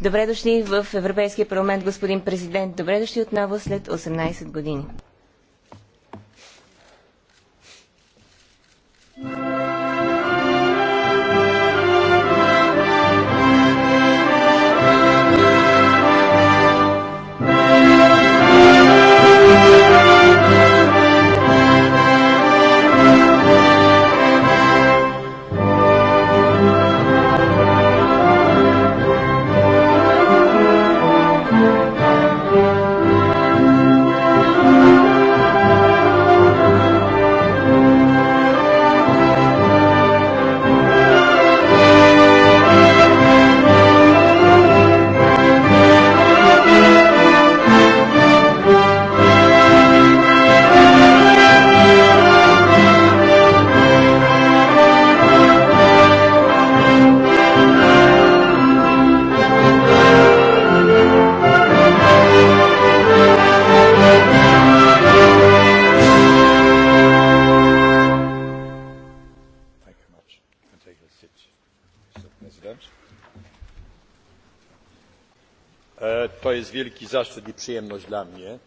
Добре дошли в Европейския парламент, господин президент. Добре дошли отново след 18 години. zaszczyt i przyjemność dla mnie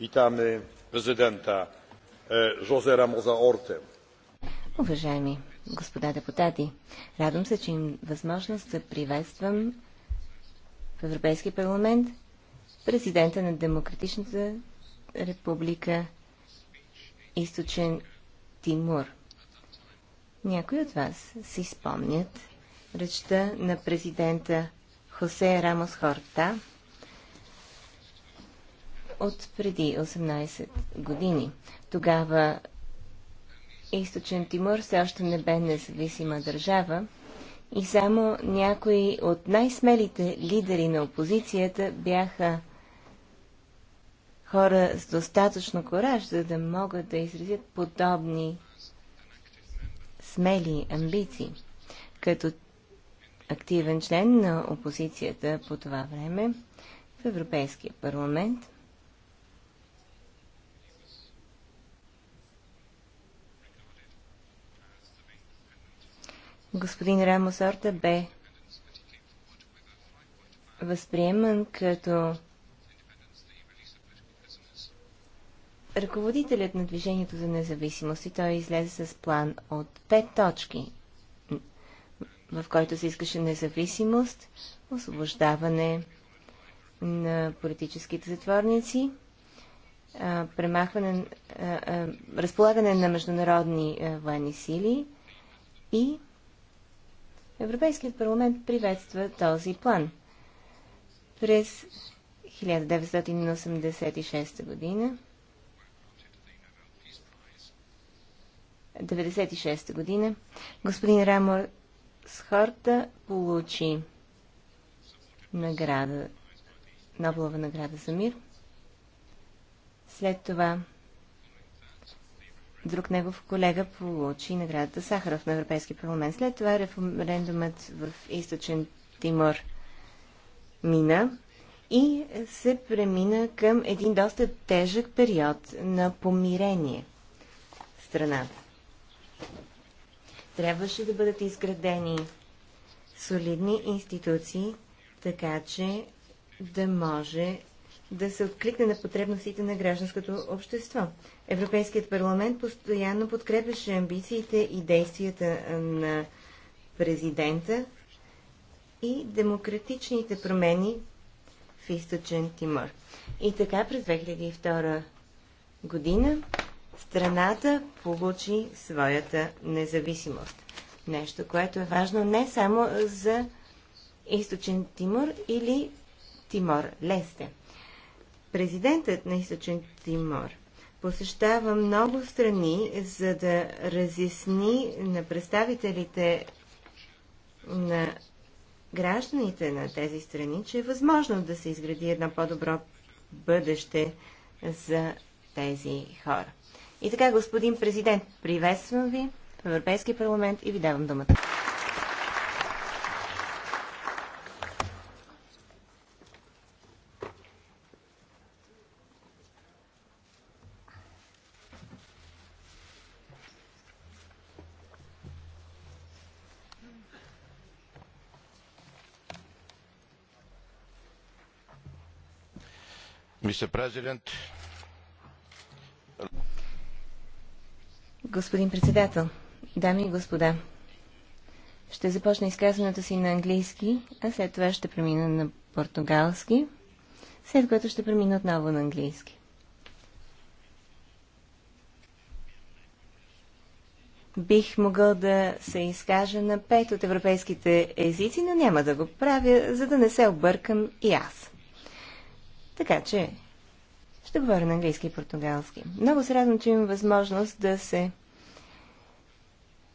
witamy prezydenta Жозе Рамоза Орте. Уважаеми господа депутати, радвам се, че им възможност да приветствам в Европейския парламент президента на Демократичната република Източен Тимур. Някои от вас си спомнят речта на президента Хосе Рамос Хорта, от преди 18 години. Тогава Източен Тимур все още не бе независима държава и само някои от най-смелите лидери на опозицията бяха хора с достатъчно кораж, за да могат да изразят подобни смели амбиции. Като активен член на опозицията по това време в Европейския парламент – господин Рамос Орта бе възприеман като ръководителят на движението за независимост и той излезе с план от пет точки, в който се искаше независимост, освобождаване на политическите затворници, премахване, разполагане на международни военни сили и Европейският парламент приветства този план. През 1986 година 1996 година господин Рамор Схорта получи награда, Нобелова награда за мир. След това друг негов колега получи наградата Сахаров на Европейския парламент. След това референдумът в източен Тимор мина и се премина към един доста тежък период на помирение в страната. Трябваше да бъдат изградени солидни институции, така че да може да се откликне на потребностите на гражданското общество. Европейският парламент постоянно подкрепяше амбициите и действията на президента и демократичните промени в източен Тимор. И така през 2002 година страната получи своята независимост. Нещо, което е важно не само за източен Тимор или Тимор Лесте – Президентът на Източен Тимор посещава много страни, за да разясни на представителите на гражданите на тези страни, че е възможно да се изгради едно по-добро бъдеще за тези хора. И така, господин президент, приветствам ви в Европейския парламент и ви давам думата. Господин председател, дами и господа, ще започна изказването си на английски, а след това ще премина на португалски, след което ще премина отново на английски. Бих могъл да се изкажа на пет от европейските езици, но няма да го правя, за да не се объркам и аз. Така че, ще говоря на английски и португалски. Много се радвам, че имам възможност да се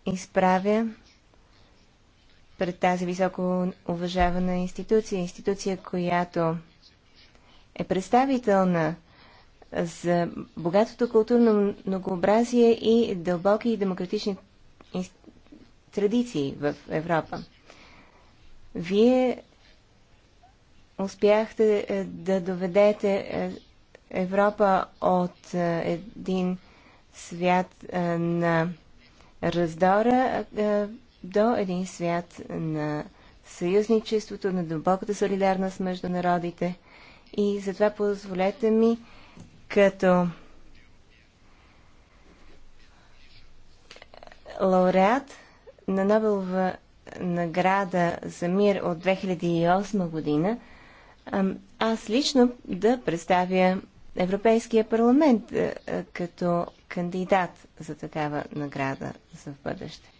изправя пред тази високо уважавана институция. Институция, която е представителна за богатото културно многообразие и дълбоки и демократични традиции в Европа. Вие успяхте е, да доведете е, Европа от е, един свят е, на раздора е, до един свят на съюзничеството, на дълбоката солидарност между народите. И затова позволете ми като лауреат на Нобелова награда за мир от 2008 година, аз лично да представя Европейския парламент е, е, като кандидат за такава награда за в бъдеще.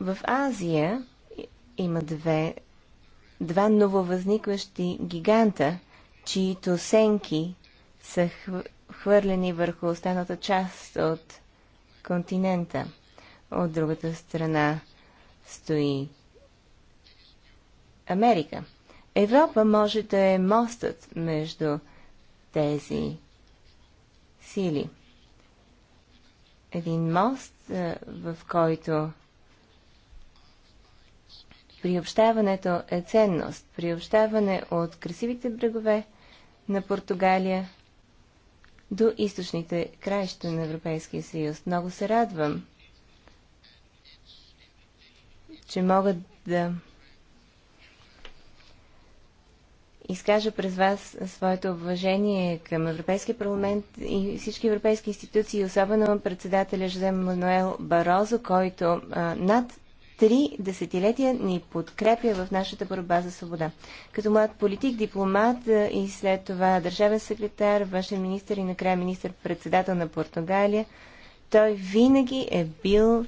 В Азия има две, два нововъзникващи гиганта, чието сенки са хвърлени върху останата част от континента. От другата страна стои Америка. Европа може да е мостът между тези сили. Един мост, в който приобщаването е ценност. Приобщаване от красивите брегове на Португалия до източните краища на Европейския съюз. Много се радвам, че могат да изкажа през вас своето уважение към Европейския парламент и всички европейски институции, особено председателя Жозе Мануел Барозо, който а, над три десетилетия ни подкрепя в нашата борба за свобода. Като млад политик, дипломат и след това държавен секретар, външен министр и накрая министр-председател на Португалия, той винаги е бил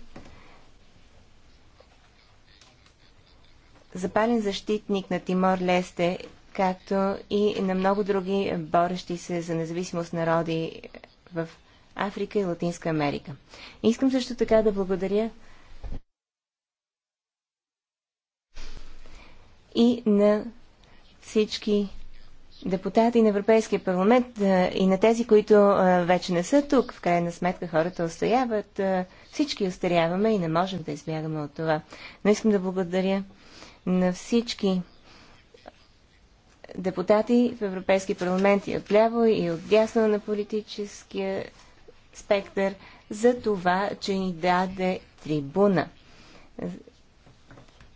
запален защитник на Тимор Лесте както и на много други борещи се за независимост народи в Африка и Латинска Америка. Искам също така да благодаря и на всички депутати на Европейския парламент и на тези, които вече не са тук. В крайна сметка хората остаряват, всички остаряваме и не можем да избягаме от това. Но искам да благодаря на всички депутати в Европейски парламент и отляво и отдясно на политическия спектър за това, че ни даде трибуна.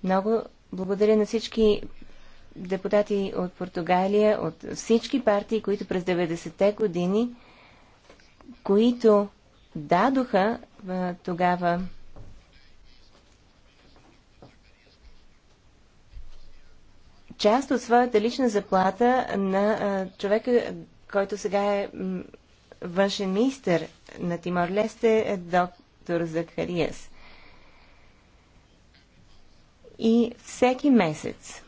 Много благодаря на всички депутати от Португалия, от всички партии, които през 90-те години, които дадоха тогава част от своята лична заплата на а, човека, който сега е външен министр на Тимор-Лесте, е доктор Захариас. И всеки месец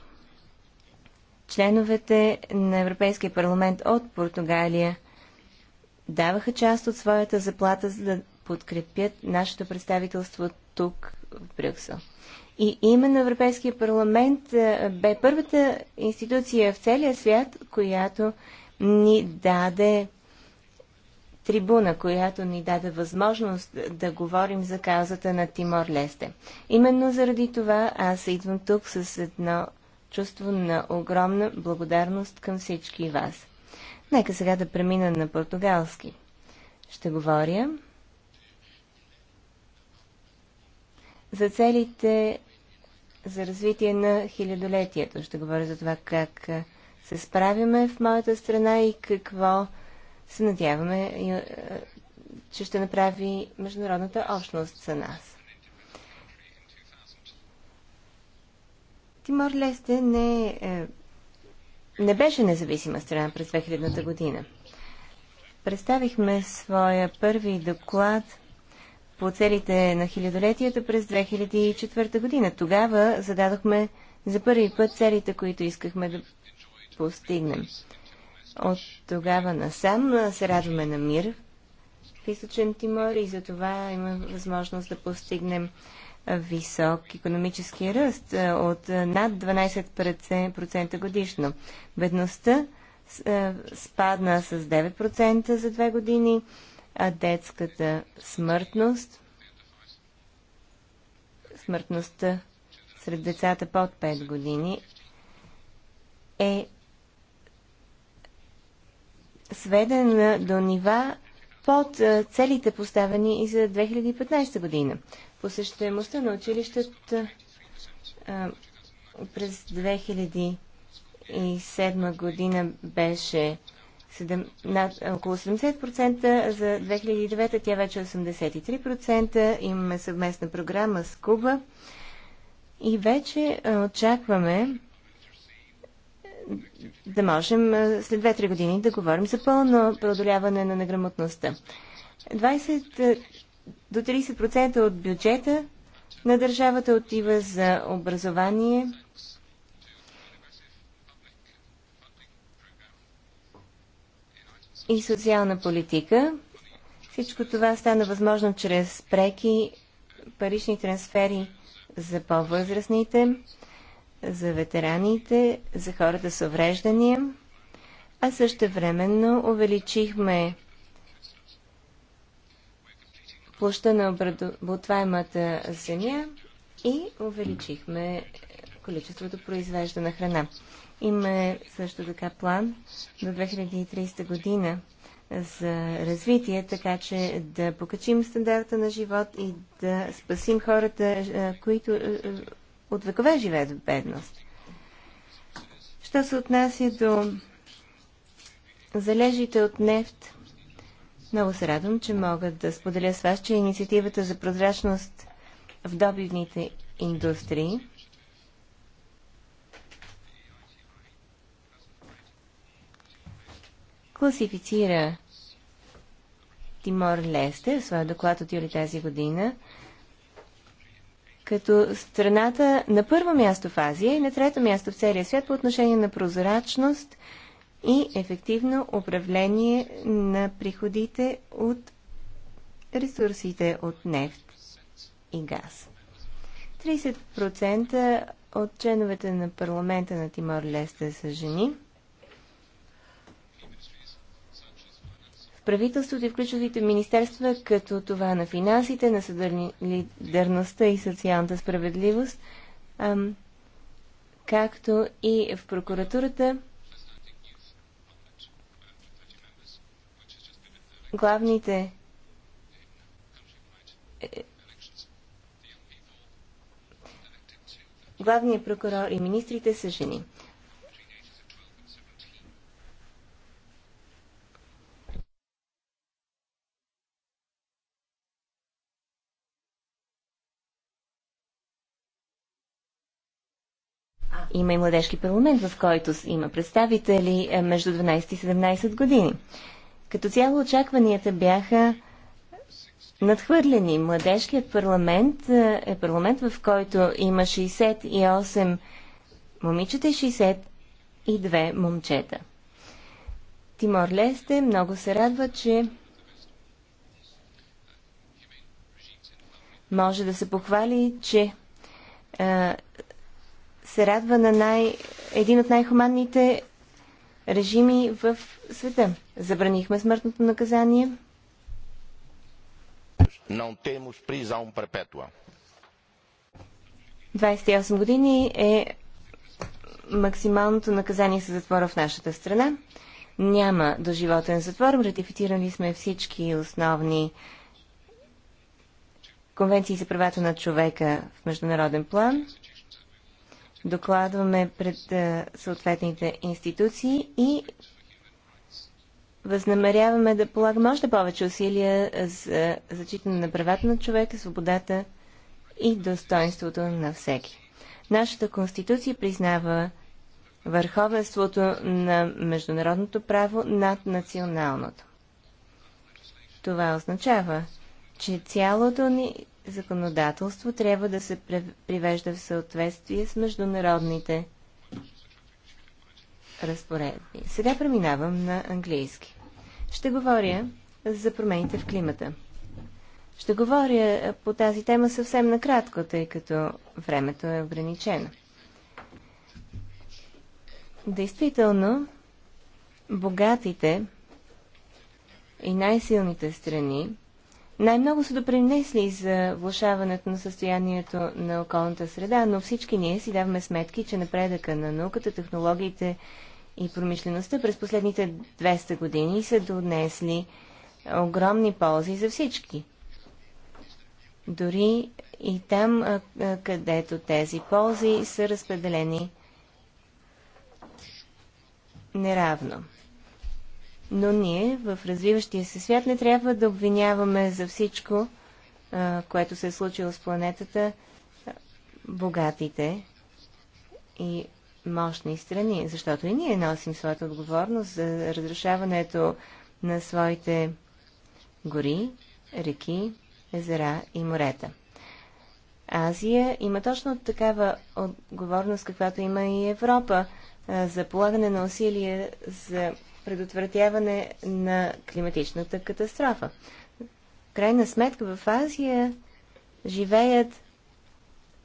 членовете на Европейския парламент от Португалия даваха част от своята заплата, за да подкрепят нашето представителство тук в Брюксел. И именно Европейския парламент е, бе първата институция в целия свят, която ни даде трибуна, която ни даде възможност да говорим за каузата на Тимор Лесте. Именно заради това аз идвам тук с едно чувство на огромна благодарност към всички вас. Нека сега да премина на португалски. Ще говоря за целите за развитие на хилядолетието. Ще говоря за това как се справяме в моята страна и какво се надяваме, че ще направи международната общност за нас. Тимор Лесте не, е, не беше независима страна през 2000-та година. Представихме своя първи доклад – по целите на хилядолетието през 2004 година. Тогава зададохме за първи път целите, които искахме да постигнем. От тогава насам се радваме на мир в източен Тимор и за това има възможност да постигнем висок економически ръст е, от над 12% годишно. Бедността е, спадна с 9% за две години а детската смъртност, смъртността сред децата под 5 години е сведена до нива под целите поставени и за 2015 година. Посещаемостта на училищата през 2007 година беше 7, над, около 70%, за 2009 тя вече 83%. Е Имаме съвместна програма с Куба и вече е, очакваме е, да можем след 2-3 години да говорим за пълно преодоляване на неграмотността. 20 до 30% от бюджета на държавата отива за образование, и социална политика. Всичко това стана възможно чрез преки парични трансфери за по-възрастните, за ветераните, за хората с увреждания, а също временно увеличихме площа на обработваемата земя и увеличихме количеството произвеждана храна. Има също така план до 2030 година за развитие, така че да покачим стандарта на живот и да спасим хората, е, които е, е, от векове живеят в бедност. Що се отнася до залежите от нефт, много се радвам, че мога да споделя с вас, че инициативата за прозрачност в добивните индустрии класифицира Тимор Лесте в своя доклад от юли тази година като страната на първо място в Азия и на трето място в целия свят по отношение на прозрачност и ефективно управление на приходите от ресурсите от нефт и газ. 30% от членовете на парламента на Тимор Лесте са жени – правителството и в министерства, като това на финансите, на съдърността и социалната справедливост, ам, както и в прокуратурата, главните е, главният прокурор и министрите са жени. има и младежки парламент, в който има представители е, между 12 и 17 години. Като цяло очакванията бяха надхвърлени. Младежкият парламент е, е парламент, в който има 68 момичета и 62 момчета. Тимор Лесте много се радва, че може да се похвали, че е, се радва на най, един от най-хуманните режими в света. Забранихме смъртното наказание. Não 28 години е максималното наказание с затвора в нашата страна. Няма доживотен затвор. Ратифицирали сме всички основни конвенции за правата на човека в международен план докладваме пред съответните институции и възнамеряваме да полагаме още повече усилия за зачитане на правата на човека, свободата и достоинството на всеки. Нашата конституция признава върховенството на международното право над националното. Това означава, че цялото ни законодателство трябва да се привежда в съответствие с международните разпоредби. Сега преминавам на английски. Ще говоря за промените в климата. Ще говоря по тази тема съвсем накратко, тъй като времето е ограничено. Действително, богатите и най-силните страни най-много са допринесли за влушаването на състоянието на околната среда, но всички ние си даваме сметки, че напредъка на науката, технологиите и промишлеността през последните 200 години са донесли огромни ползи за всички. Дори и там, където тези ползи са разпределени неравно. Но ние в развиващия се свят не трябва да обвиняваме за всичко, което се е случило с планетата, богатите и мощни страни, защото и ние носим своята отговорност за разрушаването на своите гори, реки, езера и морета. Азия има точно такава отговорност, каквато има и Европа за полагане на усилия за предотвратяване на климатичната катастрофа. Крайна сметка в Азия живеят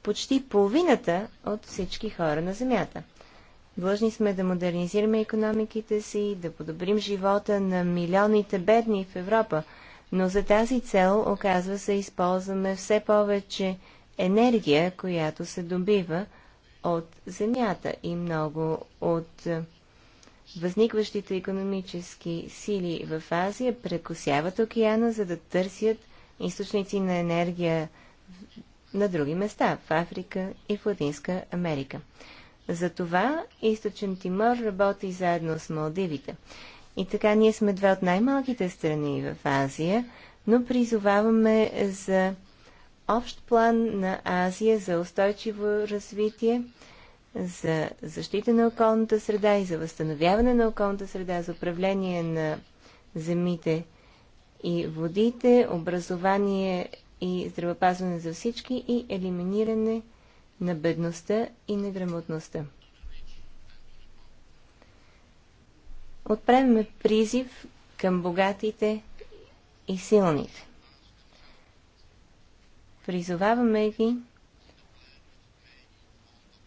почти половината от всички хора на Земята. Длъжни сме да модернизираме економиките си, да подобрим живота на милионите бедни в Европа, но за тази цел, оказва се, използваме все повече енергия, която се добива от земята и много от Възникващите економически сили в Азия прекосяват океана, за да търсят източници на енергия на други места, в Африка и в Латинска Америка. Затова Източен Тимор работи заедно с Малдивите. И така ние сме две от най-малките страни в Азия, но призоваваме за общ план на Азия за устойчиво развитие за защита на околната среда и за възстановяване на околната среда, за управление на земите и водите, образование и здравеопазване за всички и елиминиране на бедността и неграмотността. Отправяме призив към богатите и силните. Призоваваме ги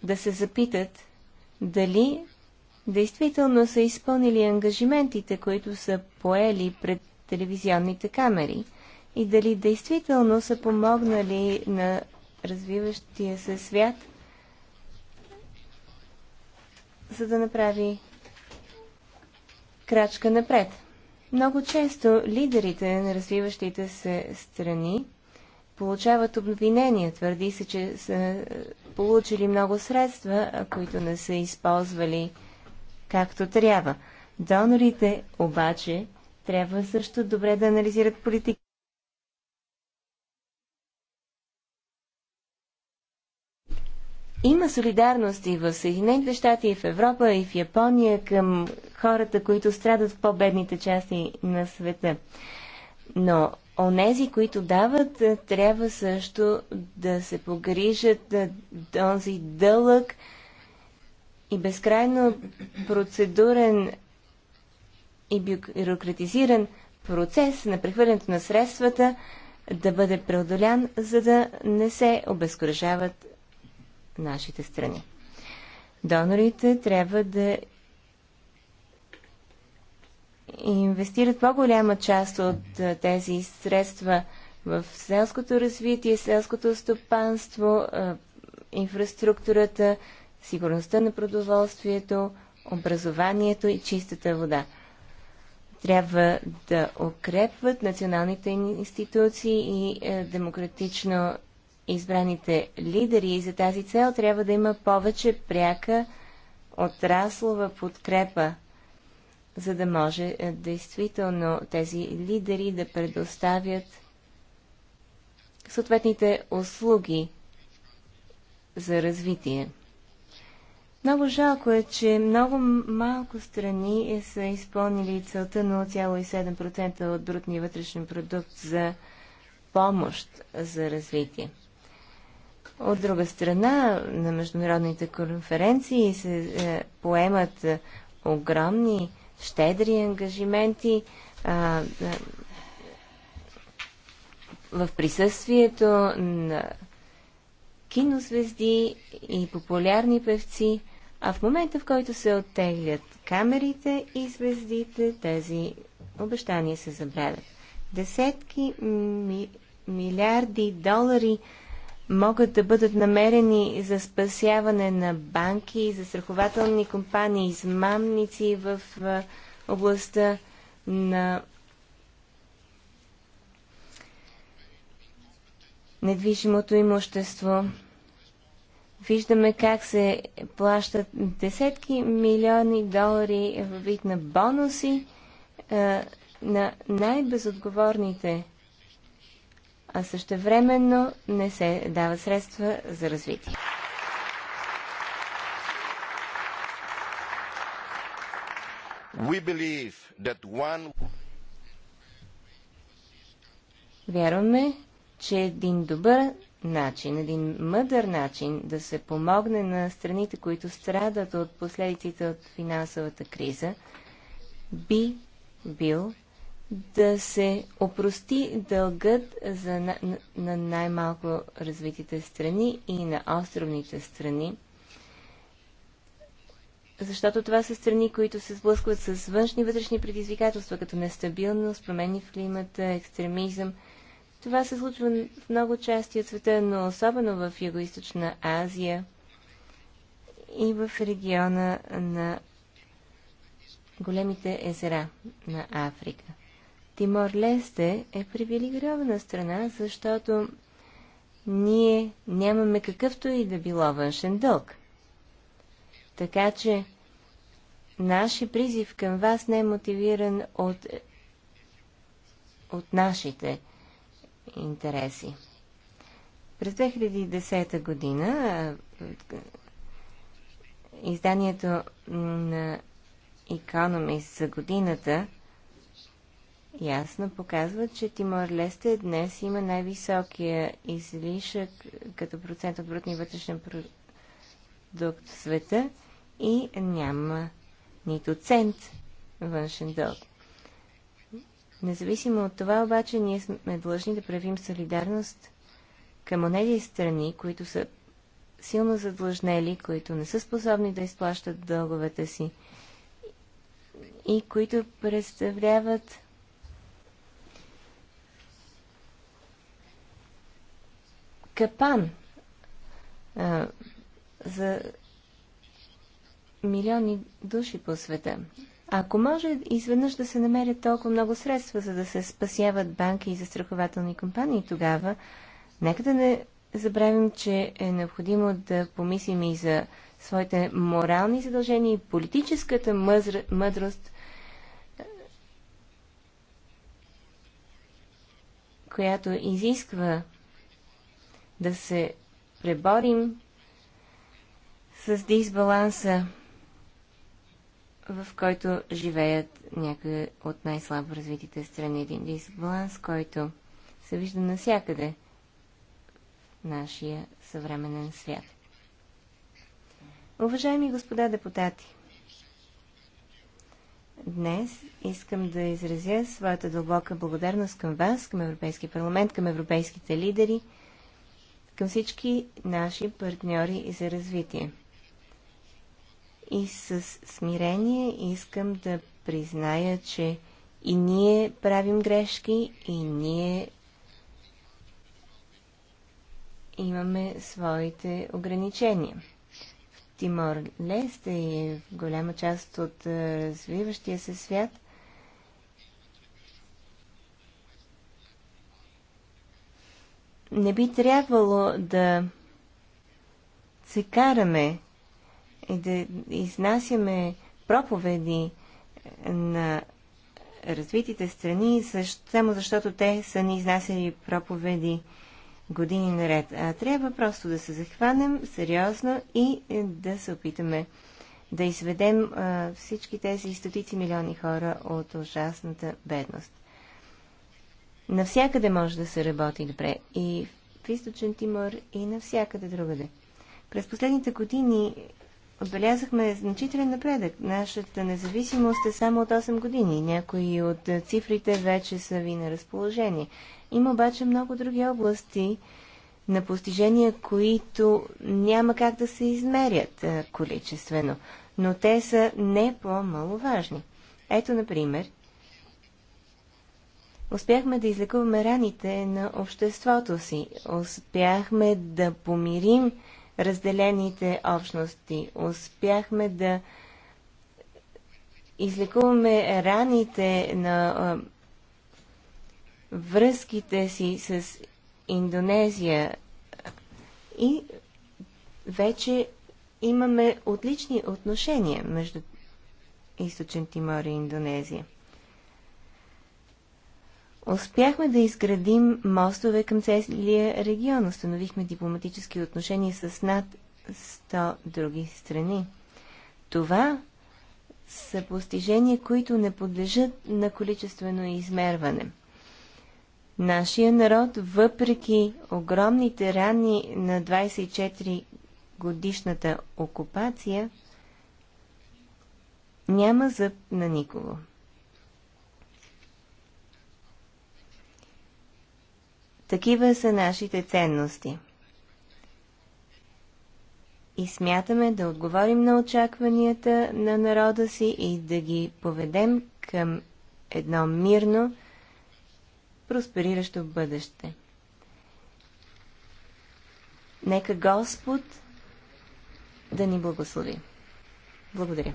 да се запитат дали действително са изпълнили ангажиментите, които са поели пред телевизионните камери и дали действително са помогнали на развиващия се свят, за да направи крачка напред. Много често лидерите на развиващите се страни получават обвинения. Твърди се, че са получили много средства, които не са използвали както трябва. Донорите обаче трябва също добре да анализират политиката. Има солидарност и в Съединените щати, и в Европа, и в Япония към хората, които страдат в по-бедните части на света. Но онези, които дават, е, трябва също да се погрижат е, този дълъг и безкрайно процедурен и бюрократизиран процес на прехвърлянето на средствата да бъде преодолян, за да не се обезкуражават нашите страни. Донорите трябва да инвестират по-голяма част от тези средства в селското развитие, селското стопанство, инфраструктурата, сигурността на продоволствието, образованието и чистата вода. Трябва да укрепват националните институции и е, демократично избраните лидери и за тази цел трябва да има повече пряка отраслова подкрепа за да може е, действително тези лидери да предоставят съответните услуги за развитие. Много жалко е, че много малко страни е, са изпълнили целта 0,7% от брутния вътрешен продукт за помощ за развитие. От друга страна, на международните конференции се е, поемат е, огромни щедри ангажименти а, в присъствието на кинозвезди и популярни певци, а в момента, в който се оттеглят камерите и звездите, тези обещания се забравят. Десетки ми, милиарди долари могат да бъдат намерени за спасяване на банки, за страхователни компании, измамници в областта на недвижимото имущество. Виждаме как се плащат десетки милиони долари в вид на бонуси на най-безотговорните а също времено не се дават средства за развитие. Вярваме, че един добър начин, един мъдър начин да се помогне на страните, които страдат от последиците от финансовата криза, би бил да се опрости дългът за на, на най-малко развитите страни и на островните страни, защото това са страни, които се сблъскват с външни вътрешни предизвикателства, като нестабилност, промени в климата, екстремизъм. Това се случва в много части от света, но особено в Юго-Источна Азия и в региона на големите езера на Африка. Тимор-Лесте е привилегирована страна, защото ние нямаме какъвто и да било външен дълг. Така че нашия призив към вас не е мотивиран от, от нашите интереси. През 2010 година изданието на Economist за годината ясно показва, че Тимор Лесте днес има най-високия излишък като процент от брутния вътрешен продукт в света и няма нито цент външен дълг. Независимо от това, обаче, ние сме длъжни да правим солидарност към онези страни, които са силно задлъжнели, които не са способни да изплащат дълговете си и които представляват капан а, за милиони души по света. Ако може изведнъж да се намерят толкова много средства, за да се спасяват банки и застрахователни компании, тогава нека да не забравим, че е необходимо да помислим и за своите морални задължения и политическата мъзр... мъдрост, която изисква да се преборим с дисбаланса, в който живеят някои от най-слабо развитите страни. Един дисбаланс, който се вижда навсякъде в нашия съвременен свят. Уважаеми господа депутати, днес искам да изразя своята дълбока благодарност към вас, към Европейския парламент, към европейските лидери – към всички наши партньори за развитие. И с смирение искам да призная, че и ние правим грешки, и ние имаме своите ограничения. В Тимор Лесте и в голяма част от развиващия се свят – Не би трябвало да се караме и да изнасяме проповеди на развитите страни, само защото те са ни изнасяли проповеди години наред. А трябва просто да се захванем сериозно и е, да се опитаме да изведем а, всички тези стотици милиони хора от ужасната бедност. Навсякъде може да се работи добре. И в източен Тимор, и навсякъде другаде. През последните години отбелязахме значителен напредък. Нашата независимост е само от 8 години. Някои от цифрите вече са ви на разположение. Има обаче много други области на постижения, които няма как да се измерят количествено, но те са не по-маловажни. Ето, например, Успяхме да излекуваме раните на обществото си. Успяхме да помирим разделените общности. Успяхме да излекуваме раните на а, връзките си с Индонезия. И вече имаме отлични отношения между Източен Тимор и Индонезия. Успяхме да изградим мостове към целия регион. Установихме дипломатически отношения с над 100 други страни. Това са постижения, които не подлежат на количествено измерване. Нашия народ, въпреки огромните рани на 24 годишната окупация, няма зъб на никого. Такива са нашите ценности. И смятаме да отговорим на очакванията на народа си и да ги поведем към едно мирно, проспериращо бъдеще. Нека Господ да ни благослови. Благодаря.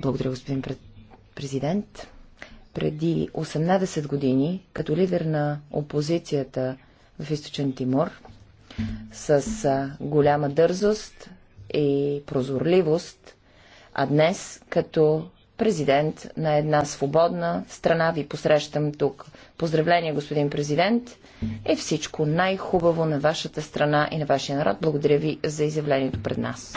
Благодаря, господин президент. Преди 18 години, като лидер на опозицията в Източен Тимор, с голяма дързост и прозорливост, а днес, като президент на една свободна страна, ви посрещам тук. Поздравление, господин президент! е всичко най-хубаво на вашата страна и на вашия народ. Благодаря ви за изявлението пред нас.